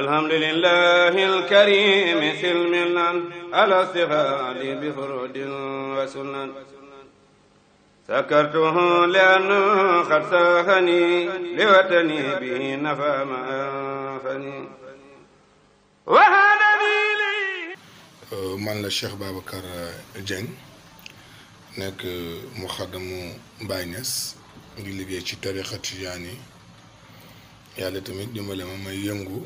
alhamdulillahi alkarimi silmilan alastifaad bifurud wa sunan sakartuhu lianna qad saahani liwatani bihi nafa ma man la Cheikh Babacar euh, Dieng nekk euh, muxaddamu Baay Ñas ngi liggéey ci tariqa tijaani yàlla tamit dimbale may yëngu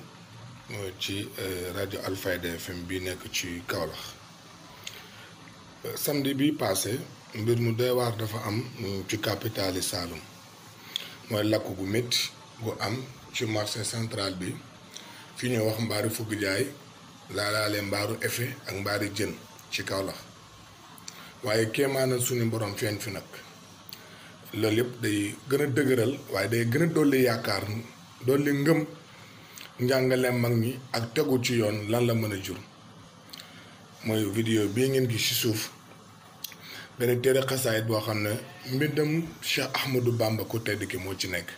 Euh, ci euh, rajo Alfayda FM bi nekk ci Kaolack euh, samedi bi passé mbir mu doy waar dafa am ci capitale Saloum mooy lakk bu metti bu am ci marché central bi fi ñuy wax mbaaru fugg jaay laalaale mbaaru effet ak mbaari jën ci Kaolack waaye kéemaanal suñu borom feeñ fi nag loolu yëpp day gën a dëgëral waaye day gën dolli yaakaar dolli ngëm njàngale mag ñi ak tegul ci yoon lan la mën a jur mooy vidéo bii ngeen gis ci suuf benn téere xasaayit boo xam ne mbindam Cheikh Ahmadou Bamba ku tedd ki moo ci nekk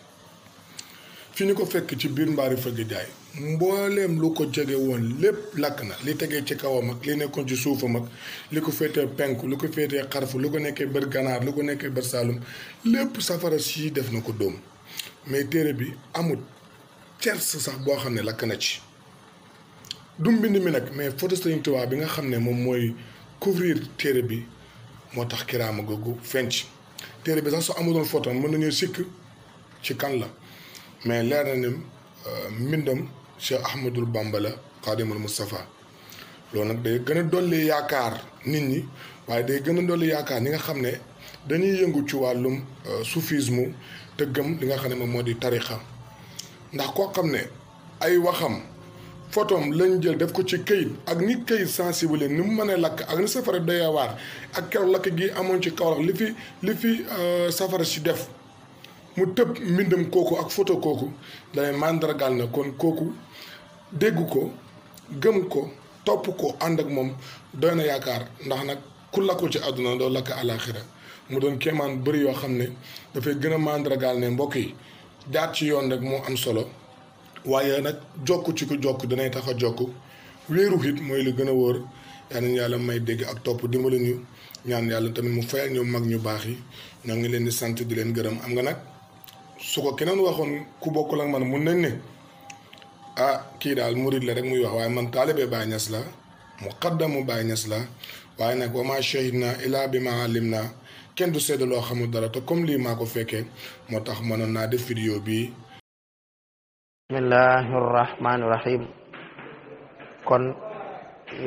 fi ñu ko fekk ci biir mbaari fëgg jaay mbooleem lu ko jege woon lépp lakk na li tegee ci kawam ak li nekkoon ci suufam ak li ko féetee penku li ko féetee xarfu lu ko nekkee bër ganaar lu ko nekkee bët saalum lépp safara si def na ko doom mais téere bi amut cerce sax boo xam ne lakk na ci du mbind mi nag mais photo Sëriñ Tuubaa bi nga xam ne moom mooy couvrir téere bi moo tax kiraama googu fenc téere bi sax su amuloon photo mën nañu sikk ci kan la mais leer na ne euh, mbindam Cheikh Ahmadul Bamba la Xaadimul Mustafa loolu nag day gën a dolli yaakaar nit ñi waaye day gën a dolli yaakaar ni nga xam ne dañuy yëngu ci wàllum euh, soufisme te gëm li nga xam ne moom moo di tarixa ndax koo xam ne ay waxam photom lañu jël def ko ci këyit ak ni këyit sensible ni mu mënee lakk ak ni safara doyee waar ak keroog lakk gi amoon ci Kaolack li fi li fi euh, safara si def mu tëb mbindam kooku ak foto kooku day màndargaal na kon kooku dégg ko gëm ko topp ko ànd ak moom doy na yaakaar ndax nag ku lakkul ci àdduna doo lakk àlaaxira mu doon kéemaan bari yoo xam ne dafay gën a màndargaal ne mbokk yi jaar ci yoon rek moo am solo waaye nag jokk ci ku jokk danay tax a jokk wéeru it mooy lu gën a wóor yàlla may dégg ak topp dimbali ñu ñaan yàlla tamit mu fayal ñu mag ñu baax yi ñoo ngi leen di sant di leen gërëm am nga nag su ko keneen waxoon ku bokkul ak man mun nañ ne ah kii daal murid la rek muy wax waaye man taalibe Baay Ñas la muqaddamu Baay Ñas la waaye nag wa maa shahidnaa illaa bimaa alimnaa kenn du seede loo xamul dara te comme lii maa ko fekkee moo tax mënoon naa def vidéo bi bismillahi kon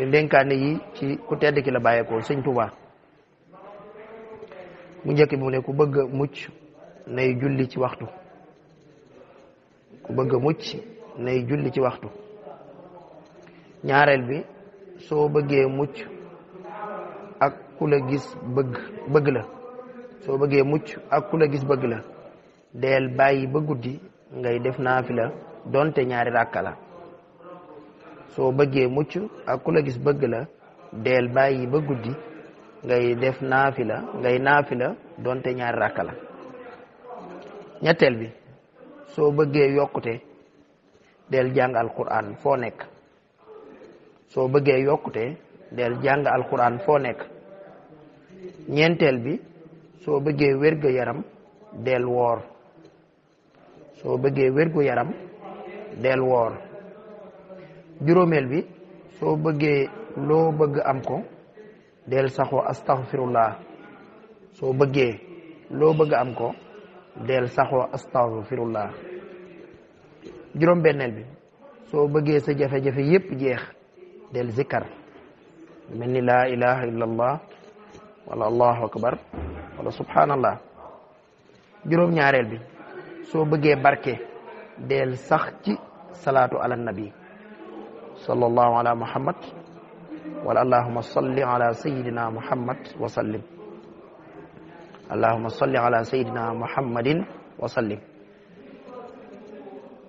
ndénkaane yi ci ku tedd ki la bàyyeekoo sëñ Tuubaa mu njëkk bi mu ne ku bëgg a bëgg mucc nay julli ci waxtu ñaareel bi soo bëggee mucc ak ku la gis bëgg bëgg la soo bëggee mucc ak ku la gis bëgg la deel bàyyi ba guddi ngay def naafila donte ñaari ràkka la soo bëggee mucc ak la gis bëgg la deel ba guddi ngay def naafila ngay naafila donte ñaari ràkka la ñetteel bi soo bëggee yokkute del jàng alquran foo nekk soo bëggee yokkute del jàng foo nekk ñeenteel bi soo bëggee wérgu yaram del bëggee wérgu yaram del woor juróomeel bi soo bëggee loo bëgg am ko del saxoo astaghfirullah soo bëggee loo bëgg am ko del saxoo astaghfirullah juróom benneel bi soo bëggee sa jafe-jafe yépp jeex del zikkar mel ni laa ilaha wala allahu akbar wala subhanallah juróom-ñaareel bi soo bëggee barke deel sax salaatu ala nabi sallallahu ala muhammad wala allahuma salli ala sayidina muhammad wa sallim allahuma salli ala sayidina muhammadin wa sallim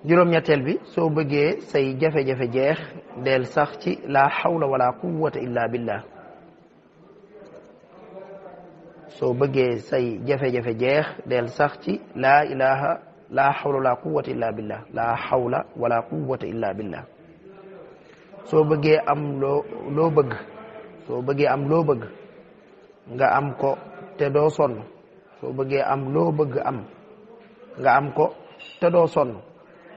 juróom-ñetteel bi soo bëggee say jafe-jafe jeex del sax ci la hawla wala quwwata illa billah soo bëggee say jafe jeex del sax ci laa ilaha laa xawla wala quwata illa billah laa xawla wala soo bëggee am loo loo bëgg soo bëggee am loo bëgg nga am ko te doo sonn soo bëggee am loo bëgg am nga am ko te doo sonn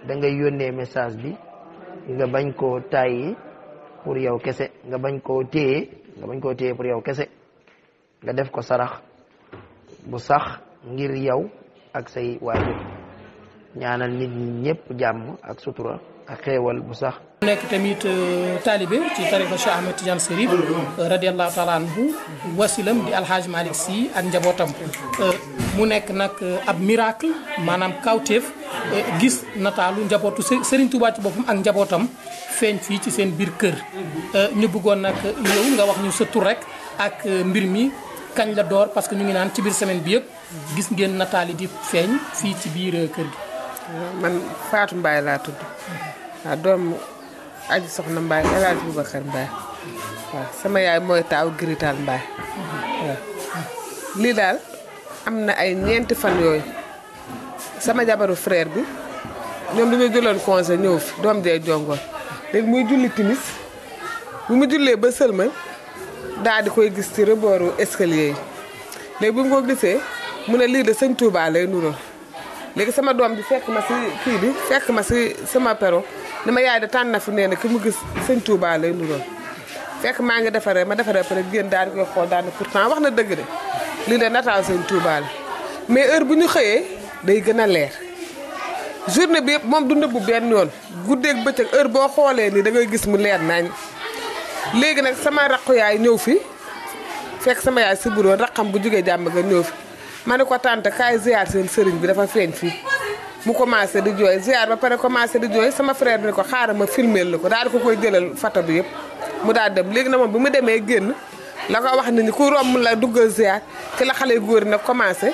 da ngay yónnee message bi nga bañ koo tàyyi pour yow kese nga bañ koo téye nga bañ koo téye pour yow kese nga def ko sarax bu sax ngir yow ak say waajur ñaanal nit ñi ñëpp jàmm ak sutura ak xéewal bu sax mu nekk tamit euh, taalibe ci tariqa Cheikh Ahmed Tidiane Serif euh, radiallahu wasilam di alhaaj Malick ak njabootam euh, mu nekk nag ab miracle maanaam kawteef gis nataalu njabootu Serigne Touba boppam ak njabootam feeñ fii ci seen biir kër ñu bëggoon nag yow nga wax ñu sa rek ak mbir mi kañ la door parce que ñu ngi naan ci biir semaine bi yëpp gis ngeen nataal yi di feeñ fii ci biir euh, kër gi. man Fatou Mbaye laa tudd waaw doomu aji soxna Mbaye El Hadj Boubacar Mbaye waaw daal am na ay ñeenti fan yooyu sama jabaru frère bi ñoom dañoo jëloon conseil ñëw fi doom jee jongoon léegi muy julli timis bu mu jullee ba sëlmal daal di koy gis ci rebooru escalier yi léegi bi mu ko gisee mu ne lii de sëñ Touba lay nuróo léegi sama doom bi fekk ma si kii bi fekk ma si sama pero ni ma yaay da tànn na fi nee na ki mu gis sëñ Touba lay nuróo fekk maa ngi defaree ma defaree pare génn daal di koy xool daal pour pourtant wax na dëgg lii de nataal sëñ tuubaal mais heure bu ñu xëyee day gën a leer journée bi yëpp moom du nëbbu benn yoon guddeeg bëccëg heure boo xoolee ni da ngay gis mu leer nañ léegi nag sama raqu yaay ñëw fi fekk sama yaay si buroon xam bu jógee jàmm nga ñëw fi ma ne ko tànt kaay ziar seen sëriñ bi dafa feeñ fii mu commencé di jooy ziar ba pare commencé di jooy sama frère bi ko xaaral ma filmeel la ko daal di ko koy jëlal photo bi yëpp mu daal dem léegi na moom bi mu demee génn la ko wax nit ñi ku romb la duggal ziar ci la xale góor nag commencé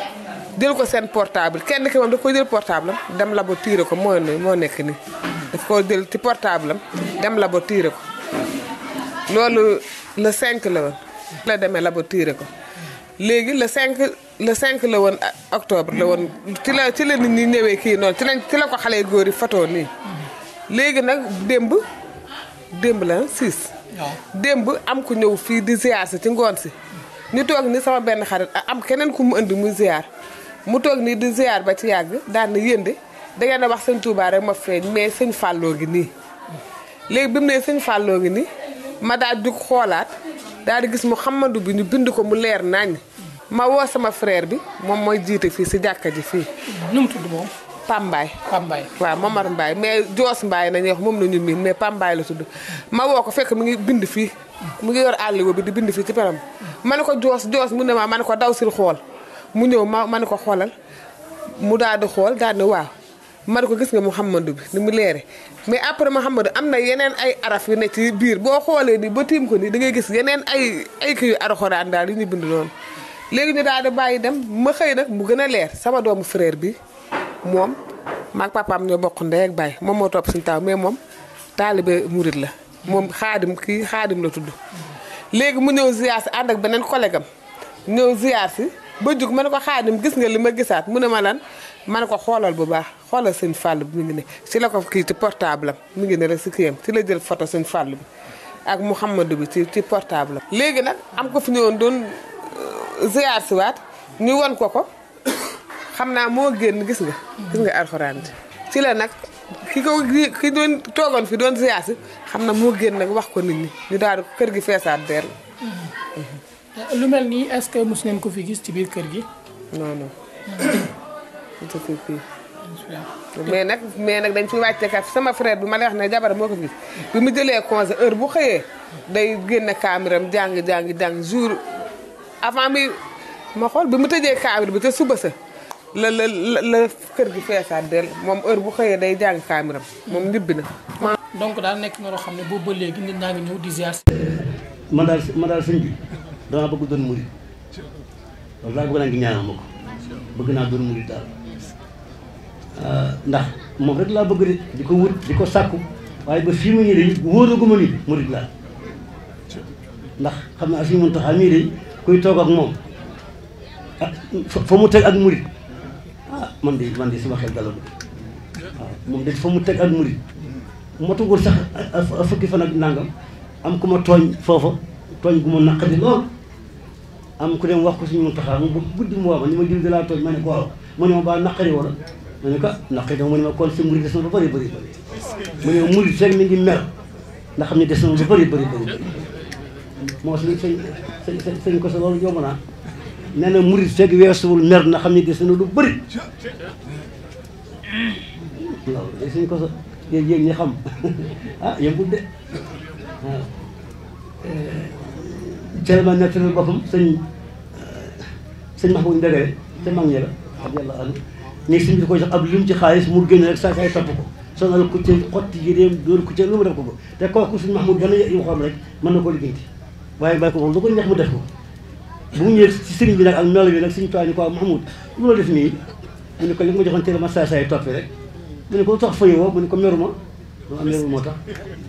jël ko seen portable kenn ki moom da ko portable dem labo tiire ko moo moo nekk nii daf ko jël ci portable am dem labo tiire ko loolu le 5 la woon. la demee la ba tiire ko. léegi la cinq le cinq la woon euh, octobre la woon ci la ci la nit ñi ñëwee kii noonu ci lañ ci la ko xale góor yi fatoo nii. léegi nag démb démb la 6. démb am ku ñëw fii di ziar si ci ngoon si. ñu toog ni sama benn xarit a am keneen ku mu indi muy ziar mu toog nii di ziar ba ci yàgg daan na yënde da ngeen a wax sëñ Touba rek ma feeñ mais sëñ fàlloo gi nii. léegi bi mu nee sëñ Fallou nii. ma daa jug xoolaat daal di gis mu xam du bi ñu bind ko mu leer nañ ma woo sama frair bi moom mooy jiite fii si jàkka ji fii. nu tudd moom. Pambaay Pambaay waaw Momar Mbaay mais Joos Mbaay nañuy wax moom la ñu miin mais Pambaay la tudd ma woo ko fekk mu ngi bind fii mu ngi yor àlliwa bi di bind fii ci peram ma ne ko Joos Joos mu ne maa ma ne ko daw sil xool mu ñëw ma ma ne ko xoolal mu daal di xool daal di waaw ma ne ko gis nga Mouhamadou bi ni mu leere mais après Mouhamadou am na yeneen ay araf yu ne ci biir boo xoolee ni ba tiim ko nii da ngay gis yeneen ay ay kii yu arxoraan daal yu ñu bind noonu léegi ñu daal di bàyyi dem ma xëy nag mu gën a leer sama doomu frère bi moom maag papaam ñoo bokk ndey ak baay moom moo topp suñu taw mais moom taalibe murit la moom xaadim kii xaadim la tudd léegi mu ñëw ziar si ànd ak beneen collègue am ñëw ziar si ba jug ma ne ko xaadim gis nga li ma gisaat mu ne ma ma ne ko xoolal bu baax xoolal seen fàll bi mu ngi ne si la ko kii ci portable mu ngi ne rek si kii am si la jël foto seen fàll bi ak Mouhamadou bi ci ci portable léegi nag am ko fi ñëwoon doon euh, ziar si waat ñu won ko ko xam naa moo génn gis nga. gis nga alxuraan ci la nag ki ko ki doon toogoon fi doon ziar si xam na moo génn nag wax ko nit ñi ñu daal kër gi feesaat dell. lu mel nii est-ce que mos ngeen ko fi gis ci biir kër gi. non mais nag mais nag dañ ci wàcce kat sama frère bi ma lay wax ne jabar moo ko gis bi mu jëlee congé heure bu xëyee day génn kaamiram jàng jàng jàng jour avant bi ma xool bi mu tëjee kaamir bi te suba sa la la la kër gi feesaat del moom heure bu xëyee day jàng kaamiram moom ñibbi na. donc daal nekk na loo xam ne boobu bëlee léegi nit ñaa ngi ñëw man daal man daal sëñ bi damaa bëgg bëgg naa ngi ñaanal ma ko bëgg naa doon murid daal. Euh, ndax moom rek laa bëgg de di ko wut di ko sàkku waaye ba fii mu ñu day wóoraguma ni murid laa ndax xam naa suñu Muntaxa mii day kuy toog ak moom ah mu teg ak ah, man de man de sama xel dalagu waaw moom fa mu teg ak murid motugul sax fukki fan ak nangam am ku ma tooñ foofu tooñ gu ma naqadi lool am ku dem wax ko suñu Muntaxa mu bu guddi mu woo ma ni ma diw de tooñ ma ne ko waaw ma ne baa naqari wala ma ne ko naqari dama mu ne ma kon si murid des na lu bëri bëri mu ne murid fekk mi ngi mer ndax xam ne des na lu bëri bëri bëri moo suñ sëñ sëñ sëñ ko sa yomb naa nee na murid fekk weesuwul mer na xam ne des na lu bëri loolu day suñ ko sa yéen yéen ñi xam ah yëngul de waaw ah. eh, tellement naturel boppam eh, ni sëñ bi ko jox ab lim ci xaalis mu génn rek saa ko sonal ku ci xotti yéreem dóor ku ko ko te kooku suñu Mahmoud gën a waxoon rek mën na koo liggéeyti waaye bàyyi ko moom lu ko neex mu def ko bu mu ñëwee ci sëriñ bi nag bi nag suñu toog ni ko Mahmoud lu la nii mu ne ko li ma joxoon teel ma saa saay toppi rek mu ne ko tax fëy ko meru ma am meru moo tax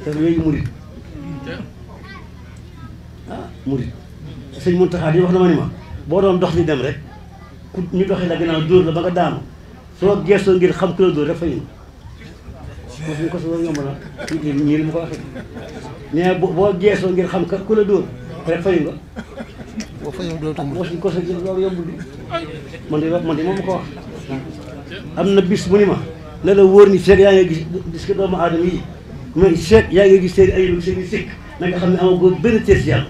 te yooyu murit ah murit sëñ Muntaxa wax na ma ni ma boo doon dox di dem rek ku ñu doxee la gannaaw dóor la ba nga daanu soo gëstoo ngir xam ku la dóor rek fa ñu ko ko soo yomb na ñii li ma ko waxee mais boo gëstoo ngir xam ku la dóor rek fayu nga boo fa yomb doo tàmm boo suñ ko sa jël loolu yombul man de man de moom ko wax am na bis mu ni ma ne la wóor ni seet yaa ngi gis gis ko doomu aadama yi mais seet yaa ngi gis seen ayib seen i sikk na nga xam ne amagoo benn tees yàlla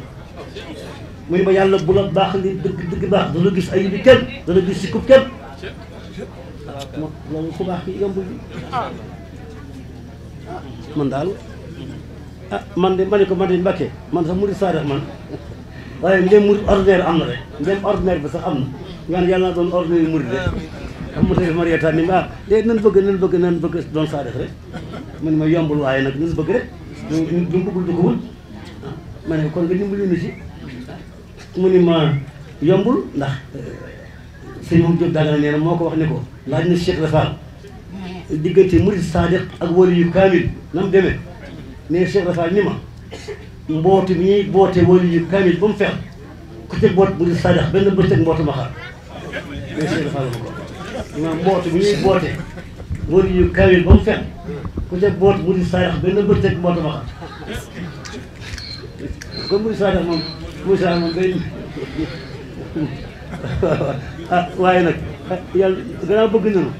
mu ni ma yàlla bu la baax li dëgg dëgg baax du la gis ayib bi kenn du la gis sikkub kenn moom baax ki man daal ah man de ma ne ko man de Mbàkke man sax murid saadax man waaye ndem murid ordinaire am na rek ndem ordinaire bi sax am na ñaan yàlla doon ordinaire murid rek xam nga tey ah, bëgg nan bëgg nan bëgg doon saadax rek ma yombul waaye nag nan bëgg rek du du bëggul du wut ah, ma ne kon nga dimbali nu ci ah, mu ni ma yombul ndax eh, sëñ moom Diop daal nee na moo ko wax ni ko laa na Cheikh Rafal diggante murid sadiq ak wali yu kaamil na mu demee mais ni ma mboote bi ñuy bootee wali yu kaamil ba ku ca boot murid sadiq benn bët teg mboote ma xaar mais Cheikh Rafal la ko ñu naan mboote bi ñuy bootee wali yu kaamil ba mu fex ku ca boot murid sadiq benn bët teg mboote ma xaar comme sadiq moom murid sadiq moom day ah, waaye nag. Eh, yàlla gannaaw bëgg nañu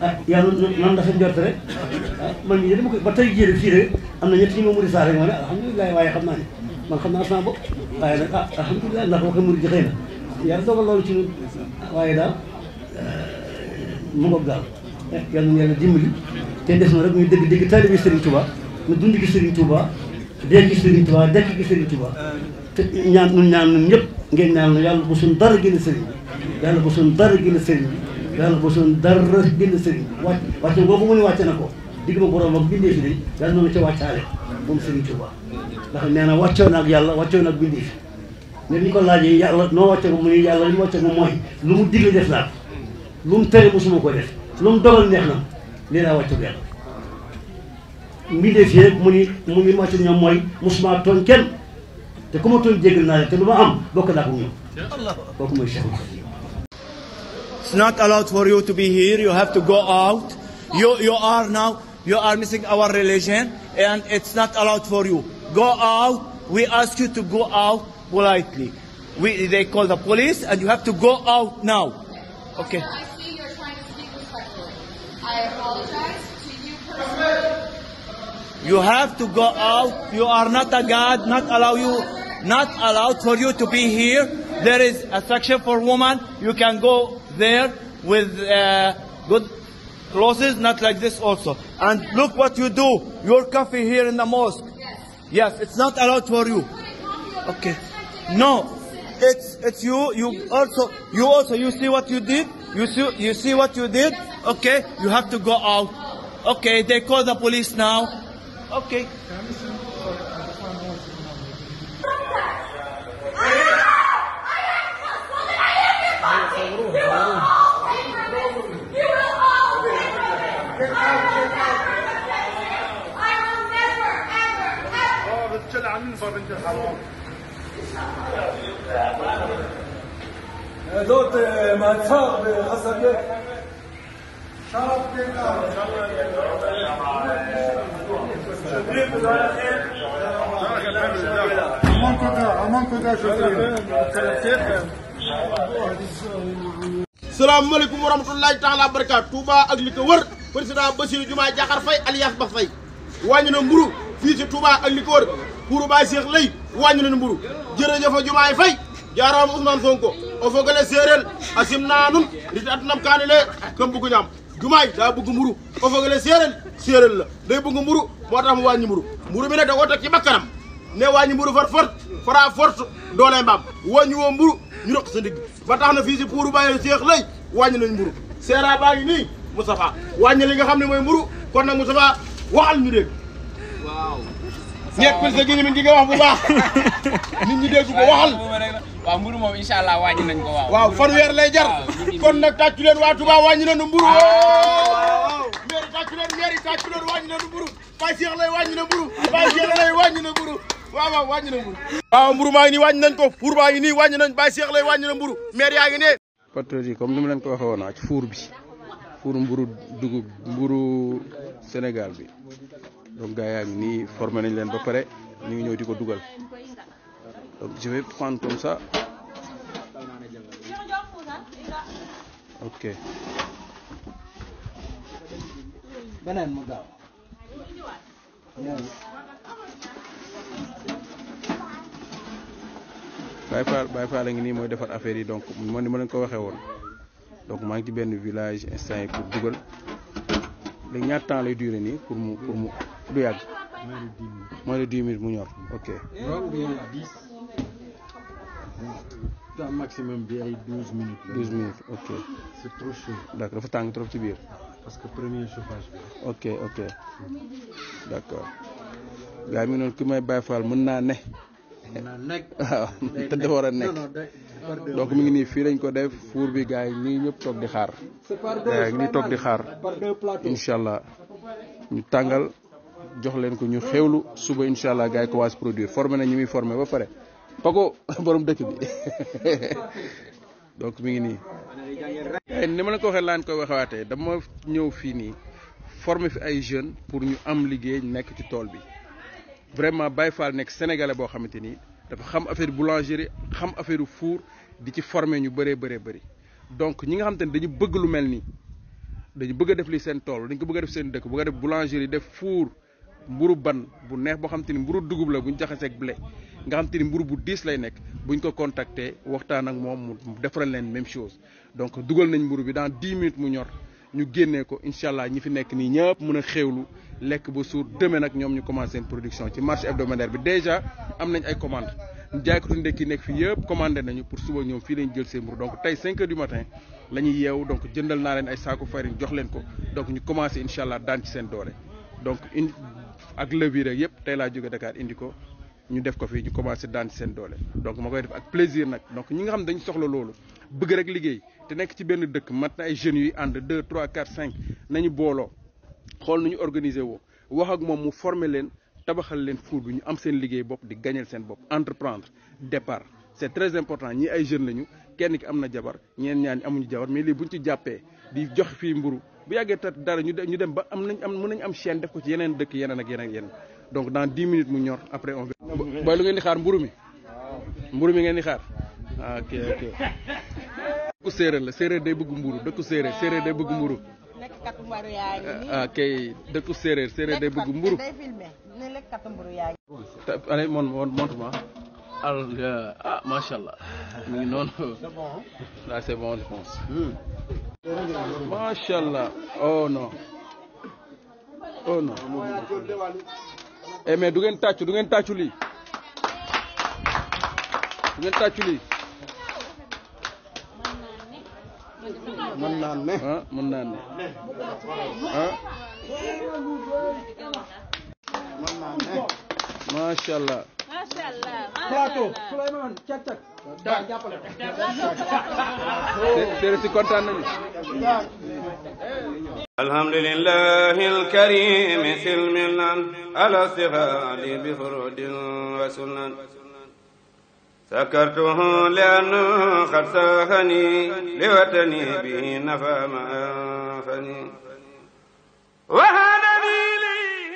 ah eh, yàlla nan dafa njort rek eh, man mii dama ko ba te jii fii rek am na ñett ñi ma muri saa rek ma ne waaye xam naa ne man xam naa sama bopp waaye nag ah alhamdulilah ndax waxi muri ji xëy na loolu ci ñun waaye daal mu ngoog daal yàlla na yàlla dimbali te des na rek muy dëgg dëgg taalibi Serigne Touba nu dund gi Serigne Touba dee gi Serigne Touba dekk gi Serigne te ñaan nun ñaan ñëpp ngeen ñaan yàlla bu suñ dara génn yàlla ba suñ dara gën a sëriñ bi yàlla ba suñ dara gën a sëriñ bi wàcc wàcc boobu mu ne wàcc na ko digg ma borom ak bindee fi nañ yàlla noonu ca wàccaale moom sëriñ Tuubaa ndax nee na wàccoon ak yàlla wàccoon ak bindee fi mais ni ko laajee yàlla noo wàcce ko yàlla li mu mooy lu mu digle def naa lu mu tere mosuma ko def lu mu dogal neex na lii laa wàcce ko yàlla mbindee fi rek mu ni mu ni wàcce ñoom mooy mosuma tooñ kenn te ku ma tooñ naa te lu am bokk naa ko It's you have to go out. You, are now, you are missing our religion and it's not allowed for you. Go out. We ask you to go out politely. We, they call the police and you have to go out now. Okay. You have to go out. You are not a God. Not allow you, not allowed for you to be here. there is a section for women. You can go there with uh, good clothes, not like this also. And look what you do. Your coffee here in the mosque. Yes. Yes, it's not allowed for you. Okay. No, it's it's you. You also you also you see what you did. You see you see what you did. Okay, you have to go out. Okay, they call the police now. Okay. sorbind a long. זאת מעצר בחסדיה. שלום פנינה. שוטרים ולכן. המון תודה, המון תודה שוטרים. salaamaaleykum wa rahmatulahi taala barakaat Touba ak li ko wër président Bassirou Diomaye Diakhar Faye alias Ba Faye wàññi na mburu fii ci Touba ak li ko wër pour Baye Cheikh lay wàññi leen mburu jërëjëf Jumaay Fay jaaraama Ousmane Sonko o fogole séeréer a simna nun ndiki atinam kaani le kam bëgg ñaam Jumaay daa bëgg mburu o fogole séeréer séeréer la day bëgg mburu moo tax mu wàññi mburu mburu mi ne da koo teg ci bakkanam ne wàññi mburu far fort fara fort doole mbaam wàññi woo mburu ñu rëq sa ndigg ba tax na fii si pour Baye Cheikh lay wàññi nañ mburu seera baa ngi nii Moustapha wàññi li nga xam ne mooy mburu kon nag Moustapha waxal ñu dégg nekkul sa gémmiñ di nga wax bu baax nit ñi dégg ko waxal waaw mburu moom incha wàññi nañ ko waaw waaw lay jar kon nag tàccu leen waa Touba wàññi nañu mburu ah, mairie tàccu leen mairie tàccu leen wàññi nañu mburu Baye Cheikh lay wàññi na mburu Baye Cheikh na mburu waaw waaw na mburu waaw mburu maa ngi nii wàññi nañ ko baa ngi nii wàññi nañ Baye Cheikh lay wàññi na mburu maire yaa ngi ne patriote yi comme ni mu leen ko waxee woon ci four bi pour mburu dugub mburu Sénégal bi donc gars yaa ngi nii formé nañ leen ba pare ñu ngi ñëw di ko dugal donc je vais prendre comme ça ok. a ngi nii mooy defar affaire yi donc man ni ma leen ko waxee woon. donc maa ngi ci benn village instant yi pour dugal léegi ñaata temps lay durer nii pour mu pour mu du yàgg. moins de dix minutes mu ñor ok. temps maximum bi ay dafa tàng trop ci biir. parce que premier chauffage ok ok d'accord gars mi noonu ki may Baye Fall mën naa ne. mën naa te dafa war a nekk. donc mi ngi nii fii lañ ko def fuur bi gaa yi ñii ñëpp toog di xaar gars toog di xaar incha allah ñu tàngal jox leen ko ñu xewlu suba incha allah gars yi ko waas produire formé na ñi muy formé ba pare Paco borom dëkk bi donc mi ngi nii. ni ma la ko waxee laan koy waxawaatee dama ñëw fii nii former fi ay jeunes pour ñu am liggéey nekk ci tool bi vraiment bay Fall nekk sénégalais boo xamante ni. dafa xam affaire boulangerie xam affaire four di ci former ñu bëree bëree bëri donc ñi nga xam te ne dañu bëgg lu mel nii dañu bëgg a def li seen tool dañ ko bëgg a def seen dëkk bëgg a def boulangerie def fuur mburu ban bu neex boo xam te ni mburu dugub la bu ñu jaxasee ak blé nga xam ni mburu bu diis lay nekk buñ ko contacter waxtaan ak moom mu defaral leen même chose donc dugal nañ mburu bi dans dix minutes mu ñor ñu génne ko incha allah ñi fi nekk nii ñëpp mën a xéewlu lekk bu suur demee nag ñoom ñu commencé seen production ci marché hebdomadaire bi déjà am nañ ay commande jaaykatu ndekki nekk fii yëpp commandé nañu pour suba ñoom fii lañ jël seen mburu donc tey 5 heures du matin la ñuy yeewu jëndal naa leen ay saaku farine jox leen ko donc ñu commencé incha allah daan ci seen doole donc in ak levier rek yëpp tey laa jóge Dakar indi ko ñu def ko fii ñu commencé daan ci seen doole donc ma koy def ak plaisir nag donc ñi nga xam ne dañu soxla loolu bëgg rek liggéey te nekk ci benn dëkk mat jeunes yuy ànd 2 3 4 5 nañu booloo xool nu ñu organiser woo wax ak moom mu former leen tabaxal leen fuur bi ñu am seen liggéey bopp di gañeel seen bopp entreprendre départ c'est très important ñii ay jeunes lañu kenn ki am na jabar ñeen ñaan amuñu jabar mais lii buñ ci jàppee di jox fii mburu bu yàggee tat dara ñu ñu dem ba am nañ am mën nañ am chaîne def ko ci yeneen dëkk yeneen ak yeneen ak yeneen donc dans dix minutes mu ñor après on booy lu ngeen di xaar mburu mi mburu ngeen di xaar ah, ok la séeréer day bëgg mburu dëkku séeréer séeréer day bëgg mburu lekkatu mbaru yaa ngi nii. ah kay dëkku séeréer séeréer day bëgg mburu day filmé ne ma. alors ah macha allah. Ah, hmm. oh non. oh non. eh mais du ngeen tàccu du ngeen tàccu lii. li mën naa ne ah mën naa ne ah mën naa ne macha allah plateau Souleymane cak cak jàppale séri si kontaan nañu alhamdulillahi alkarim silmilan ala sihali bi furudin wa sunan سكرته لأنه قد ساخني لوطني به نفى ما أنفني وهذا